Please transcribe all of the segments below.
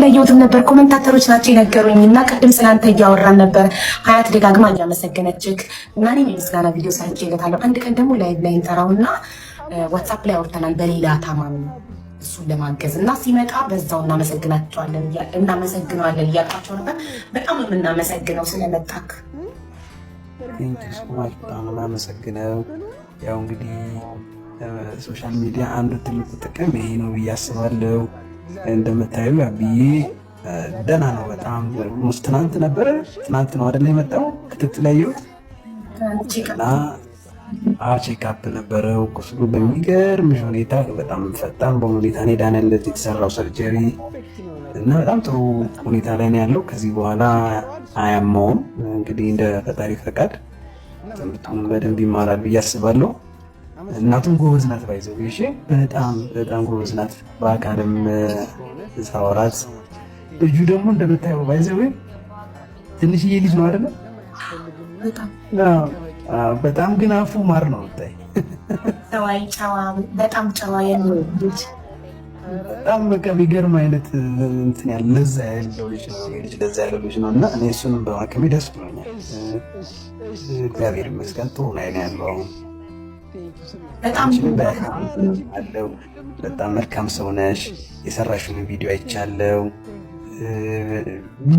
አላየሁትም ነበር። ኮመንታተሮች ናቸው የነገሩኝ እና ቅድም ስለአንተ እያወራን ነበር። ሀያት ደጋግማ እያመሰገነችክ እና እኔም የምስጋና ቪዲዮ ሰርቼ እልካለሁ። አንድ ቀን ደግሞ ላይ ላይ እና ዋትሳፕ ላይ አውርተናል በሌላ ታማሚ እሱን ለማገዝ እና ሲመጣ በዛው እናመሰግናቸዋለን እናመሰግነዋለን እያልኳቸው ነበር። በጣም የምናመሰግነው ስለመጣክ በጣም እናመሰግነው። ያው እንግዲህ ሶሻል ሚዲያ አንዱ ትልቁ ጥቅም ይሄ ነው ብዬ አስባለሁ። እንደምታዩ አብዬ ደህና ነው። በጣም ትናንት ነበረ ትናንት ነው አደላ የመጣው ክትት ያየሁት ቼክአፕ ነበረው። ቁስሉ በሚገርም ሁኔታ በጣም ፈጣን በሆነ ሁኔታ ነው የተሰራው ሰርጀሪ እና በጣም ጥሩ ሁኔታ ላይ ነው ያለው። ከዚህ በኋላ አያማውም እንግዲህ እንደ ፈጣሪ ፈቃድ ትምህርቱን በደንብ ይማራል ብዬ አስባለሁ። እናቱም ጎበዝ ናት። ባይዘው እሺ፣ በጣም በጣም ጎበዝ ናት። በአካልም ሳወራት ልጁ ደግሞ እንደምታየው ባይዘው ትንሽዬ ልጅ ነው አይደለ? በጣም ግን አፉ ማር ነው ብታይ፣ በጣም ጨዋ በጣም በቃ ቢገርም አይነት እንትን ያለ ለዛ ያለው ለዛ ያለው ልጅ ነው እና እኔ እሱንም በማከሜ ደስ ብሎኛል። እግዚአብሔር ይመስገን ጥሩ ላይ ነው ያለው አሁን በጣም አለው። በጣም መልካም ሰው ነሽ። የሰራሽውን ቪዲዮ አይቻለው።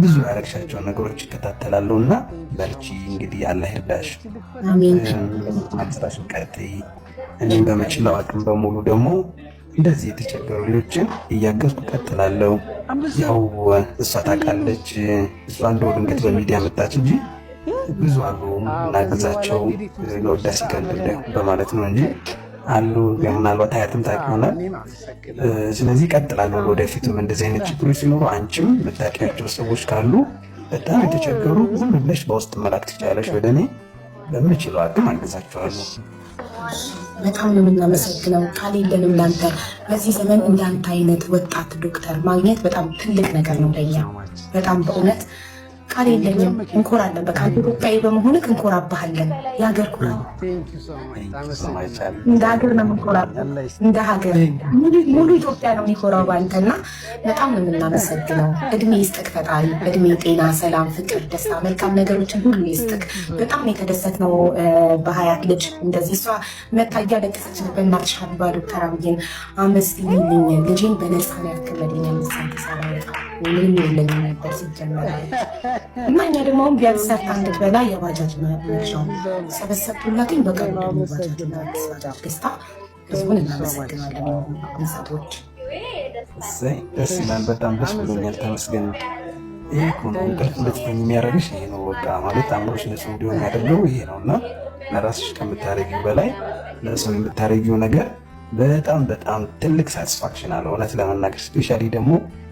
ብዙ ያደረግሻቸውን ነገሮች ይከታተላሉ እና በርቺ። እንግዲህ አላህ ይርዳሽ፣ ስራሽን ቀጥይ። እኔም በመችለው አቅም በሙሉ ደግሞ እንደዚህ የተቸገሩ ልጆችን እያገዝኩ እቀጥላለሁ። ያው እሷ ታውቃለች። እሷ እንደው ድንገት በሚዲያ መጣች እንጂ ብዙ አሉ እናገዛቸው ለወዳሴ ቀንድ በማለት ነው እንጂ አሉ ምናልባት አያትም ታውቂ ይሆናል። ስለዚህ ይቀጥላሉ። ወደፊትም እንደዚህ አይነት ችግሮች ሲኖሩ አንቺም የምታውቂያቸው ሰዎች ካሉ በጣም የተቸገሩ ዝም ብለሽ በውስጥ መላክ ትችላለሽ። ወደ እኔ በምችለው አቅም አግዛቸዋለሁ። በጣም ነው የምናመሰግነው። ቃል የለንም ለአንተ። በዚህ ዘመን እንዳንተ አይነት ወጣት ዶክተር ማግኘት በጣም ትልቅ ነገር ነው ለኛ በጣም በእውነት ቃል የለኝም። እንኮራለን። በቃ ኢትዮጵያዊ በመሆንክ እንኮራባሃለን። የሀገር ኩራ እንደ ሀገር ነው የምንኮራበት። እንደ ሀገር ሙሉ ኢትዮጵያ ነው የሚኮራው ባንተና በጣም ነው የምናመሰግነው። እድሜ ይስጥቅ ፈጣሪ፣ እድሜ፣ ጤና፣ ሰላም፣ ፍቅር፣ ደስታ፣ መልካም ነገሮችን ሁሉ ይስጥቅ። በጣም የተደሰትነው በሀያት ልጅ እንደዚህ እሷ መታያ ለቅሰች በእናትሽ ሀቢባ ዶክተር አብይን አመስግኝልኝ ልጄን በነፃ ያክልልኛ ምሳንተሳ ምንም የለኝም ነበር ሲጀመር። እማኛ ደግሞ አሁን ቢያንስ ሰርታ እንድትበላ የባጃጅ መሻው ሰበሰብኩላትኝ። በቀኑ ደግሞ ባጃጅና ባጃጅ ገዝታ ህዝቡን እናመሰግናለን። ሰዎች ደስ ይላል። በጣም ደስ ብሎኛል። ተመስገን ነው። ይህ እኮ ነው እንቅልፍ እንድትተኝ የሚያደርግሽ ይሄ ነው። በቃ ማለት አእምሮሽ ንጹህ እንዲሆን የሚያደርገው ይሄ ነው እና ለራስሽ ከምታደርጊው በላይ ለሰው የምታደርጊው ነገር በጣም በጣም ትልቅ ሳቲስፋክሽን አለው እውነት ለመናገር ስፔሻሊ ደግሞ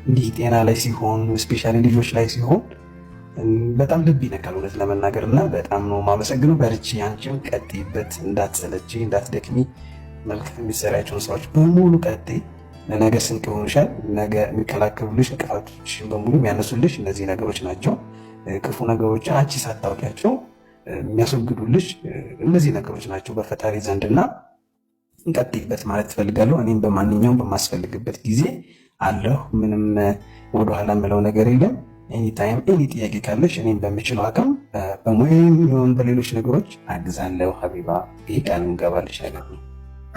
እንዲህ ጤና ላይ ሲሆን ስፔሻሊ ልጆች ላይ ሲሆን በጣም ልብ ይነካል እውነት ለመናገር እና በጣም ነው ማመሰግነው። በርቺ፣ አንቺም ቀጥይበት፣ እንዳትሰለች፣ እንዳትደክሚ። መልካም የሚሰራቸውን ስራዎች በሙሉ ቀጥይ። ለነገ ስንቅ ሆኑሻል። ነገ የሚከላከሉልሽ እንቅፋቶች በሙሉ የሚያነሱልሽ እነዚህ ነገሮች ናቸው። ክፉ ነገሮችን አንቺ ሳታውቂያቸው የሚያስወግዱልሽ እነዚህ ነገሮች ናቸው በፈጣሪ ዘንድና እንቀጥይበት ማለት ትፈልጋለሁ። እኔም በማንኛውም በማስፈልግበት ጊዜ አለሁ። ምንም ወደኋላ የምለው ነገር የለም። ኤኒታይም ኤኒ ጥያቄ ካለሽ እኔም በምችለው አቅም በሙያም ይሁን በሌሎች ነገሮች አግዛለሁ። ሀቢባ ይህ ቃል እንገባለች ነገር ነው።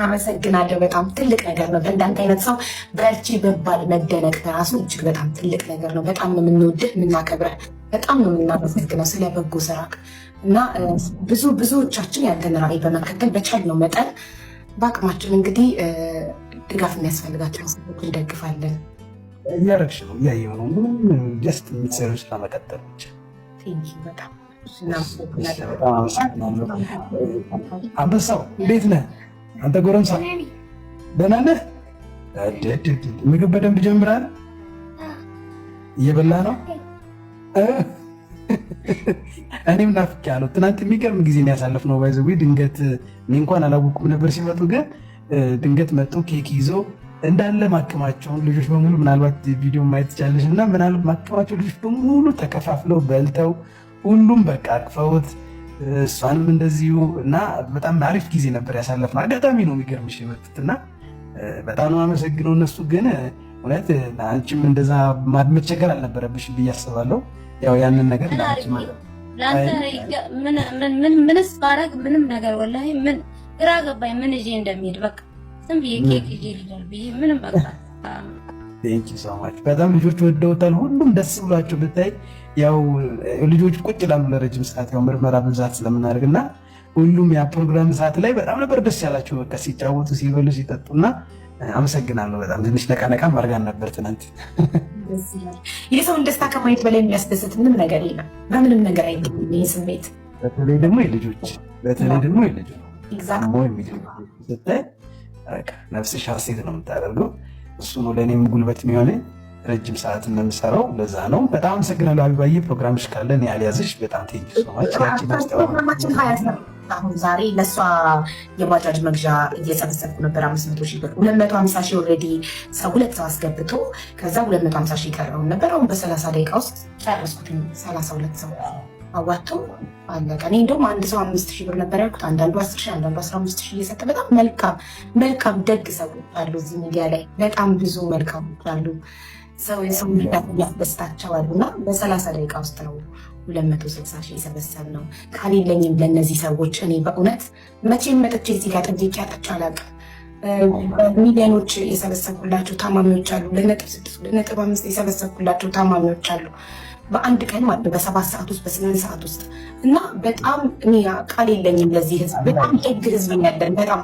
አመሰግናለሁ። በጣም ትልቅ ነገር ነው። በእንዳንተ አይነት ሰው በርቺ በባል መደነቅ በራሱ እጅግ በጣም ትልቅ ነገር ነው። በጣም ነው የምንወድህ የምናከብረህ፣ በጣም ነው የምናመሰግነው ስለ በጎ ስራ እና ብዙ ብዙዎቻችን ያንተን ራዕይ በመከተል በቻልነው መጠን በአቅማችን እንግዲህ ድጋፍ የሚያስፈልጋቸው ሰዎች እንደግፋለን። እያረግሽ ነው እያየሁ ነው። ምንም ጀስት የምትሰሪው ስራ መቀጠል ብቻ። አንበሳው እንዴት ነህ አንተ ጎረምሳ? ደህና ነህ? ምግብ በደንብ ጀምራል። እየበላህ ነው? እኔም ናፍቄያለሁ። ትናንት የሚገርም ጊዜ ነው ባይዘዊ ድንገት እኔ እንኳን አላወኩም ነበር ሲመጡ ግን ድንገት መጡ ኬክ ይዞ እንዳለ ማከማቸውን ልጆች በሙሉ ምናልባት ቪዲዮ ማየት ትቻለሽ እና ምናልባት ማከማቸው ልጆች በሙሉ ተከፋፍለው በልተው ሁሉም በቃ አቅፈውት እሷንም እንደዚሁ እና በጣም አሪፍ ጊዜ ነበር ያሳለፍነው። አጋጣሚ ነው የሚገርምሽ የመጡት እና በጣም ነው አመሰግነው። እነሱ ግን እውነት አንቺም እንደዛ መቸገር አልነበረብሽ ብዬ አስባለሁ። ያው ያንን ነገር ምንስ ማድረግ ምንም ነገር ወላሂ ምን ግራ ገባኝ። ምን እንደሚሄድ በቃ ዝም ብዬ ኬክ ልሄዳል ብዬ ምንም በቃ በጣም ልጆች ወደውታል። ሁሉም ደስ ብሏቸው ብታይ ያው ልጆች ቁጭ ይላሉ ለረጅም ሰዓት ያው ምርመራ ብዛት ስለምናደርግ እና ሁሉም ያ ፕሮግራም ሰዓት ላይ በጣም ነበር ደስ ያላቸው በቃ ሲጫወቱ፣ ሲበሉ፣ ሲጠጡና አመሰግናለሁ። በጣም ትንሽ ነቃ ነቃ ማርጋን ነበር ትናንት። የሰውን ደስታ ከማየት በላይ የሚያስደስት ምንም ነገር የለም። በምንም ነገር አይ ስሜት በተለይ ደግሞ የልጆች በተለይ ደግሞ የልጆች ሞ የሚል ስታይ ነፍስሽ ሐሴት ነው የምታደርገው። እሱ ነው ለእኔም ጉልበት የሚሆነ ረጅም ሰዓት እንደምሰራው ለዛ ነው። በጣም አመሰግናለሁ አቢባዬ። ፕሮግራምሽ ካለን ያልያዝሽ በጣም ቴንጅ ሰማች ፕሮግራማችን ሀያ አሁን ዛሬ ለእሷ የባጃጅ መግዣ እየሰበሰብኩ ነበር። አምስት መቶ ሺህ ብር ሁለት መቶ ሀምሳ ሺህ ኦልሬዲ ሰው ሁለት ሰው አስገብቶ ከዛ ሁለት መቶ ሀምሳ ሺህ ቀረውን ነበር። አሁን በሰላሳ ደቂቃ ውስጥ ጨረስኩትኝ ሰላሳ ሁለት ሰው አዋጥቶ አለቀ። እኔ እንደውም አንድ ሰው አምስት ሺህ ብር ነበር ያልኩት። አንዳንዱ አስር ሺህ አንዳንዱ አስራ አምስት ሺህ እየሰጠ በጣም መልካም መልካም ደግ ሰው አሉ። እዚህ ሚዲያ ላይ በጣም ብዙ መልካም አሉ። ሰው የሰው ምርዳት የሚያስደስታቸው አሉ እና በሰላሳ ደቂቃ ውስጥ ነው ሁለት መቶ ስልሳ ሺህ የሰበሰብ ነው። ካሌለኝም ለእነዚህ ሰዎች እኔ በእውነት መቼም መጥቼ እዚህ ጋር ጥጌ ያጠች አላውቅም። ሚሊዮኖች የሰበሰብኩላቸው ታማሚዎች አሉ። ለነጥብ ስድስት ለነጥብ አምስት የሰበሰብኩላቸው ታማሚዎች አሉ። በአንድ ቀን ማለት ነው። በሰባት ሰዓት ውስጥ በስምንት ሰዓት ውስጥ እና በጣም እኔ ቃል የለኝም ለዚህ ህዝብ። በጣም ደግ ህዝብ ያለን በጣም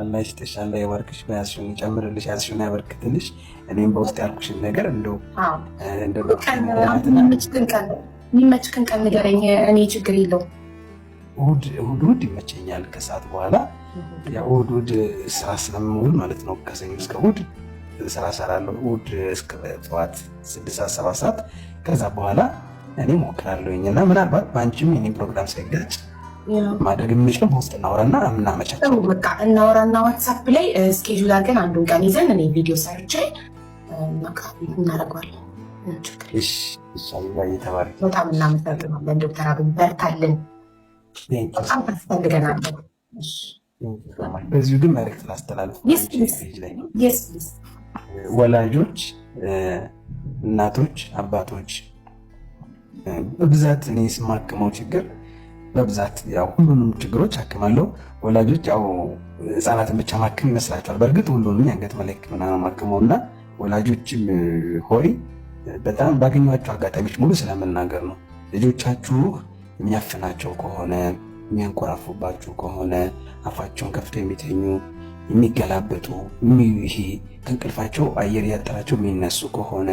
አላህ ይስጥሽ፣ አላህ ይባርክሽ፣ በያዝሽውን ይጨምርልሽ፣ ያዝሽውን ያበርክትልሽ። እኔም በውስጥ ያልኩሽን ነገር እንደው የሚመችክን ቀን ንገረኝ፣ እኔ ችግር የለው። እሑድ እሑድ ይመቸኛል ከሰዓት በኋላ ያው እሑድ እሑድ ስራ ስለምውል ማለት ነው ከሰኞ እስከ እሑድ ስራ እሰራለሁ። እሑድ እስከ ጠዋት ስድስት ሰዓት ሰባት ሰዓት ከዛ በኋላ እኔ ሞክራለሁኝ እና ምናልባት በአንቺም የኔ ፕሮግራም ሳይጋጭ ማድረግ የምችል ውስጥ እናውራና ምናመቻቸው በቃ እናውራና ዋትሳፕ ላይ እስኬጁል ግን አንዱን ቀን ይዘን እኔ ቪዲዮ ሰርቼ እናደርገዋለን። በጣም እናመሰግናለን ዶክተር አብይ በርታልን። በጣም ታስፈልገናል። በዚሁ ግን መልዕክት ላስተላልፍ ወላጆች፣ እናቶች፣ አባቶች በብዛት እኔ ስማክመው ችግር በብዛት ያው ሁሉንም ችግሮች አክማለሁ። ወላጆች ያው ህፃናትን ብቻ ማክም ይመስላቸዋል። በእርግጥ ሁሉንም የአንገት መለክ ምናምን ማክመው እና ወላጆችም ሆይ በጣም ባገኟቸው አጋጣሚዎች ሙሉ ስለመናገር ነው። ልጆቻችሁ የሚያፍናቸው ከሆነ የሚያንኮራፉባችሁ ከሆነ አፋቸውን ከፍተው የሚተኙ የሚገላበጡ ይሄ ከእንቅልፋቸው አየር ያጠራቸው የሚነሱ ከሆነ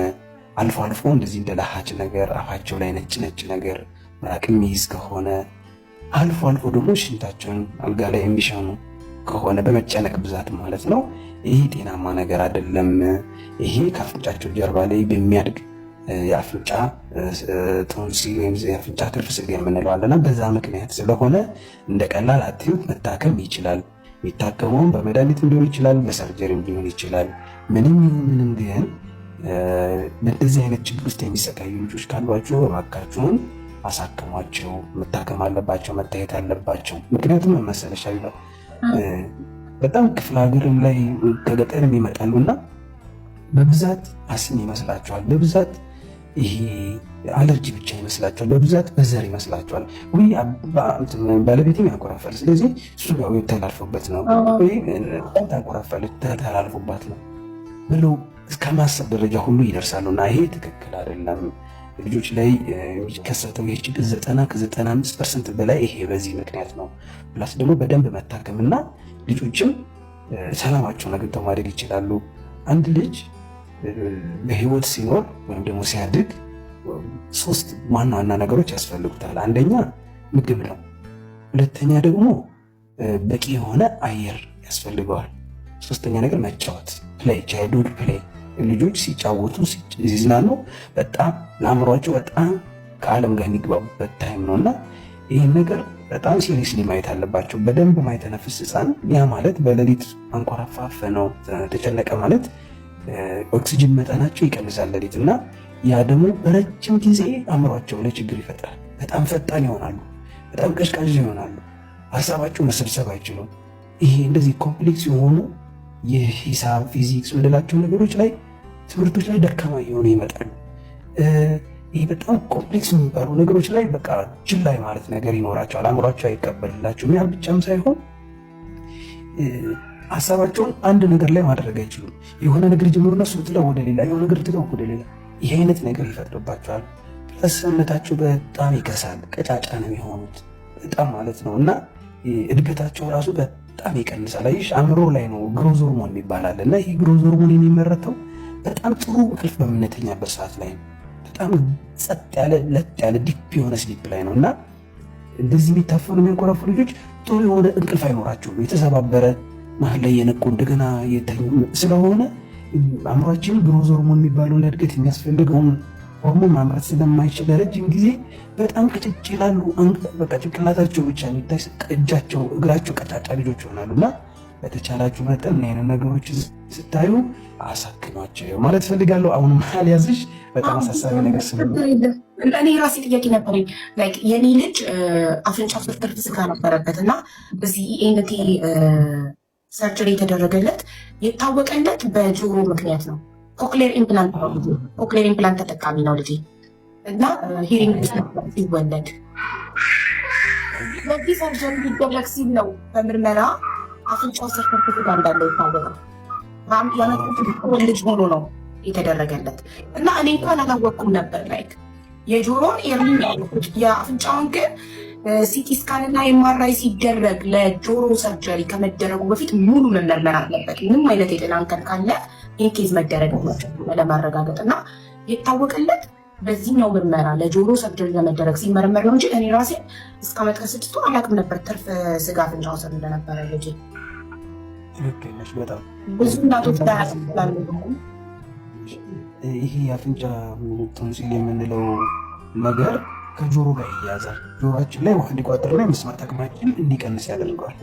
አልፎ አልፎ እንደዚህ እንደ ለሃች ነገር አፋቸው ላይ ነጭ ነጭ ነገር ምራቅ የሚይዝ ከሆነ አልፎ አልፎ ደግሞ ሽንታቸውን አልጋ ላይ የሚሸኑ ከሆነ በመጨነቅ ብዛት ማለት ነው። ይሄ ጤናማ ነገር አይደለም። ይሄ ከአፍንጫቸው ጀርባ ላይ በሚያድግ የአፍንጫ ቶንሲል ወይም የአፍንጫ ትርፍ ስጋ የምንለዋለና በዛ ምክንያት ስለሆነ እንደ ቀላል አትዩት፣ መታከም ይችላል። የሚታከመውን በመድኃኒትም ሊሆን ይችላል፣ በሰርጀሪም ሊሆን ይችላል። ምንም ይሁን ምንም ግን በእንደዚህ አይነት ችግር ውስጥ የሚሰቃዩ ልጆች ካሏችሁ እባካችሁን አሳክሟቸው። መታከም አለባቸው፣ መታየት አለባቸው። ምክንያቱም መመሰለሻ በጣም ክፍለ ሀገርም ላይ ከገጠርም ይመጣሉና በብዛት አስም ይመስላቸዋል በብዛት ይሄ አለርጂ ብቻ ይመስላቸዋል። በብዛት በዘር ይመስላቸዋል። ወይ ባለቤትም ያንኮራፋል። ስለዚህ እሱ ጋር ተላልፎበት ነው ወይ ታንኮራፋለች ተላልፎባት ነው ብሎ እስከ ማሰብ ደረጃ ሁሉ ይደርሳሉ። እና ይሄ ትክክል አይደለም። ልጆች ላይ የሚከሰተው ይህ ችግር ዘጠና ከዘጠና አምስት ፐርሰንት በላይ ይሄ በዚህ ምክንያት ነው። ፕላስ ደግሞ በደንብ መታከምና ልጆችም ሰላማቸውን አግኝተው ማደግ ይችላሉ። አንድ ልጅ በህይወት ሲኖር ወይም ደግሞ ሲያድግ ሶስት ዋና ዋና ነገሮች ያስፈልጉታል። አንደኛ ምግብ ነው። ሁለተኛ ደግሞ በቂ የሆነ አየር ያስፈልገዋል። ሶስተኛ ነገር መጫወት፣ ፕሌይ፣ ቻይልድሁድ ፕሌይ። ልጆች ሲጫወቱ ሲዝናኑ በጣም ለአእምሯቸው በጣም ከዓለም ጋር የሚግባቡበት ታይም ነው እና ይህን ነገር በጣም ሲሪየስሊ ማየት አለባቸው። በደንብ ማይተነፍስ ህፃን ያ ማለት በሌሊት አንኮራፋፈ ነው ተጨነቀ ማለት ኦክሲጅን መጠናቸው ይቀንሳል ሌሊት እና ያ ደግሞ በረጅም ጊዜ አእምሯቸው ላይ ችግር ይፈጥራል። በጣም ፈጣን ይሆናሉ፣ በጣም ቀዥቃዥ ይሆናሉ፣ ሀሳባቸው መሰብሰብ አይችሉም። ይሄ እንደዚህ ኮምፕሌክስ የሆኑ የሂሳብ ፊዚክስ ምንላቸው ነገሮች ላይ ትምህርቶች ላይ ደካማ እየሆኑ ይመጣሉ። ይህ በጣም ኮምፕሌክስ የሚባሉ ነገሮች ላይ በቃ ችላ ማለት ነገር ይኖራቸዋል። አእምሯቸው አይቀበልላቸውም። ያ ብቻም ሳይሆን ሀሳባቸውን አንድ ነገር ላይ ማድረግ አይችሉም። የሆነ ነገር ይጀምሩና እሱ ብትለው ወደ ሌላ፣ የሆነ ነገር ብትለው ወደ ሌላ። ይህ አይነት ነገር ይፈጥርባቸዋል። ፕለስ ሰውነታቸው በጣም ይከሳል። ቀጫጫ ነው የሆኑት በጣም ማለት ነው እና እድገታቸው ራሱ በጣም ይቀንሳል። አይሽ አእምሮ ላይ ነው ግሮዝ ሆርሞን ይባላል እና ይህ ግሮዝ ሆርሞን የሚመረተው በጣም ጥሩ እንቅልፍ በምንተኛበት ሰዓት ላይ ነው። በጣም ጸጥ ያለ ለጥ ያለ ዲፕ የሆነ ስሊፕ ላይ ነው እና እንደዚህ የሚታፈኑ የሚንኮራፉ ልጆች ጥሩ የሆነ እንቅልፍ አይኖራቸውም የተሰባበረ መሀል ላይ የነቁ እንደገና የተኙ ስለሆነ አእምሯችን ግሮዝ ሆርሞን የሚባለው ለእድገት የሚያስፈልገውን ሆርሞን ማምረት ስለማይችል ለረጅም ጊዜ በጣም ቅጭጭ ይላሉ። በቃ ጭንቅላታቸው ብቻ የሚታይ እጃቸው፣ እግራቸው ቀጫጫ ልጆች ይሆናሉ ይሆናሉና በተቻላችሁ መጠን ና አይነት ነገሮች ስታዩ አሳክኗቸው ማለት ፈልጋለሁ። አሁን መሀል ያዝሽ በጣም አሳሳቢ ነገር ስለ እኔ ራሴ ጥያቄ ነበረኝ። የኔ ልጅ አፍንጫ ፍርፍር ስጋ ነበረበት እና እዚህ ኢኤንቲ ሰርጀሪ የተደረገለት የታወቀለት በጆሮ ምክንያት ነው። ኮክሌር ኢምፕላንት ነው ልጄ፣ ኮክሌር ኢምፕላንት ተጠቃሚ ነው ልጅ እና ሂሪንግ ሲወለድ በዚህ ሰርጀሪ ሊደረግ ሲል ነው በምርመራ አፍንጫው ሰርተፍኬት እንዳለው ይታወቃል። ያመጡት ልጅ ሆኖ ነው የተደረገለት እና እኔ እንኳን አላወቅኩም ነበር ላይክ የጆሮን የአፍንጫውን ግን ሲቲ ስካን ስካንና የማራይ ሲደረግ ለጆሮ ሰርጀሪ ከመደረጉ በፊት ሙሉ መመርመር አለበት። ምንም አይነት የጤና እንከን ካለ ኢንኬዝ መደረግ ለማረጋገጥ እና የታወቀለት በዚህኛው ምርመራ ለጆሮ ሰርጀሪ ለመደረግ ሲመረመር ነው እንጂ እኔ ራሴ እስከ ዓመት ከስድስቱ አላውቅም ነበር ትርፍ ስጋ አፍንጫ ውሰድ እንደነበረ ልጅ ብዙ እናቶች ላያስላሉ ይሄ የአፍንጫ ቶንሲል የምንለው ነገር ከጆሮ ጋር ይያዛል። ጆሮችን ላይ ውሃ እንዲቋጥር እንዲቋጥርና የመስማት አቅማችን እንዲቀንስ ያደርገዋል።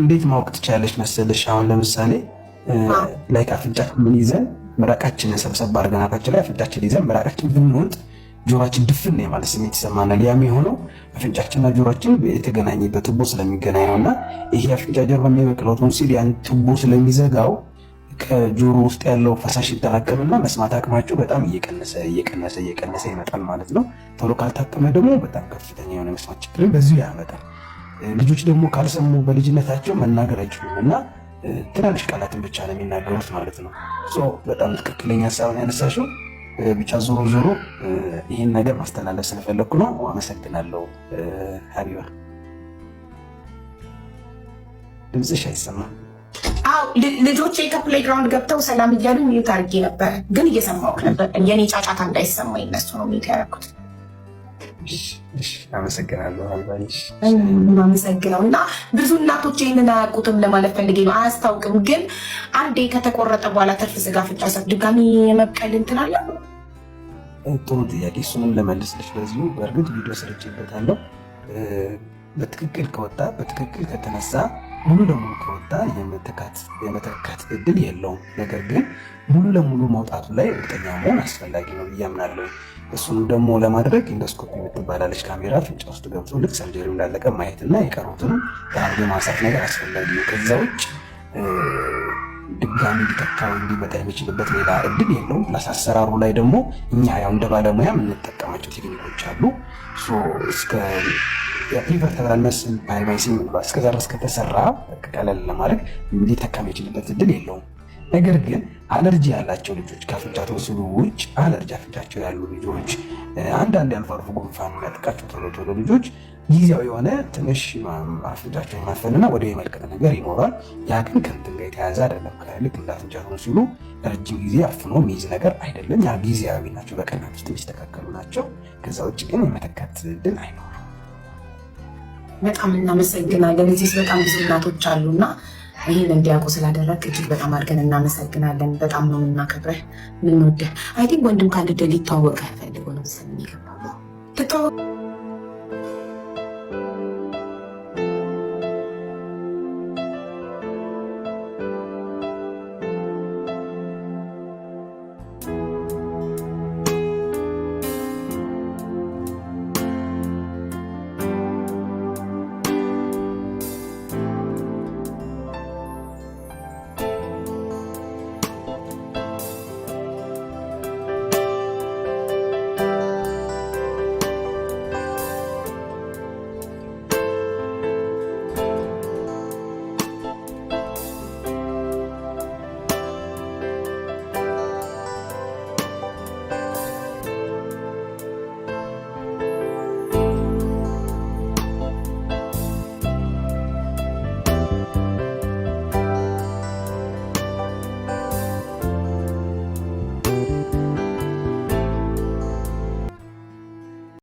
እንዴት ማወቅ ትቻለች መሰለሽ? አሁን ለምሳሌ ላይ አፍንጫችን ምን ይዘን ምራቃችንን ሰብሰብ አድርገን አፋችን ላይ አፍንጫችን ይዘን ምራቃችን ብንወጥ ጆሯችን ድፍን የማለት ስሜት ይሰማናል። ያም የሆነው አፍንጫችንና ጆሮአችን የተገናኘበት ቱቦ ስለሚገናኝ ነው እና ይሄ አፍንጫ ጀርባ የሚበቅለው ቶንሲል ያን ቱቦ ስለሚዘጋው ከጆሮ ውስጥ ያለው ፈሳሽ ይጠራቀምና መስማት አቅማቸው በጣም እየቀነሰ እየቀነሰ እየቀነሰ ይመጣል ማለት ነው። ቶሎ ካልታቀመ ደግሞ በጣም ከፍተኛ የሆነ መስማት ችግር በዚሁ ያመጣል። ልጆች ደግሞ ካልሰሙ በልጅነታቸው መናገር አይችሉም እና ትናንሽ ቃላትን ብቻ ነው የሚናገሩት ማለት ነው። በጣም ትክክለኛ ሀሳብ ያነሳሽው ብቻ ዞሮ ዞሮ ይህን ነገር ማስተላለፍ ስለፈለግኩ ነው። አመሰግናለሁ። ሀቢባ ድምፅሽ አይሰማም። አው ልጆቼ ከፕሌግራውንድ ገብተው ሰላም እያሉ ሚዩት አድርጌ ነበር ግን እየሰማሁህ ነበር። የኔ ጫጫታ እንዳይሰማ ይነሱ ነው ሚዩት ያደረኩት። አመሰግናለሁ። አመሰግነው እና ብዙ እናቶች ይህንን አያውቁትም ለማለት ፈልጌ ነው። አያስታውቅም። ግን አንዴ ከተቆረጠ በኋላ ትርፍ ስጋ ፍጫ ሰት ድጋሚ የመብቀል እንትን አለ። ጥሩ ጥያቄ። እሱንም ለመልስልሽ በዚሁ በእርግጥ ቪዲዮ ሰርቼበታለሁ። በትክክል ከወጣ በትክክል ከተነሳ ሙሉ ለሙሉ ከወጣ የመተካት እድል የለውም። ነገር ግን ሙሉ ለሙሉ መውጣቱ ላይ እርግጠኛ መሆን አስፈላጊ ነው ብዬ አምናለሁ። እሱም ደግሞ ለማድረግ ኢንዶስኮፒ የምትባላለች ካሜራ ፍንጫ ውስጥ ገብቶ ልክ ሰርጀሪ እንዳለቀ ማየትና የቀሩትን በአንዴ ማንሳት ነገር አስፈላጊ ነው። ከዛ ውጭ ድጋሚ ሊተካው ሊመጣ የሚችልበት ሌላ እድል የለውም። ፕላስ አሰራሩ ላይ ደግሞ እኛ ያው እንደ ባለሙያ የምንጠቀማቸው ቴክኒኮች አሉ። ሪቨር ተራልመስ ባይባይሲ እስከዛራ እስከተሰራ ቀለል ለማድረግ ሊጠቀም የችልበት እድል የለውም። ነገር ግን አለርጂ ያላቸው ልጆች ከአፍንጫ ተወስኖ ውጭ አለርጂ አፍንጫቸው ያሉ ልጆች አንዳንድ ያልፎ አልፎ ጉንፋን የሚያጠቃቸው ቶሎ ቶሎ ልጆች ጊዜያዊ የሆነ ትንሽ አፍንጫቸው የማፈንና ወደ የመልቀጥ ነገር ይኖራል። ያ ግን ከእንትን ጋር የተያዘ አይደለም። ከልክ እንደ አፍንጫ ተወስኖ ረጅም ጊዜ አፍኖ የሚይዝ ነገር አይደለም። ያ ጊዜያዊ ናቸው፣ በቀናት ውስጥ የሚስተካከሉ ናቸው። ከዛ ውጭ ግን የመተካት ድል አይኖርም። በጣም እናመሰግናለን። እዚህ በጣም ብዙ እናቶች አሉና ይህን እንዲያውቁ ስላደረግ እጅግ በጣም አድርገን እናመሰግናለን። በጣም ነው የምናከብረህ፣ ምንወደህ። አይ ቲንክ ወንድም ካለ ሊተዋወቅህ ፈልጎ ነው መሰለኝ የገባው።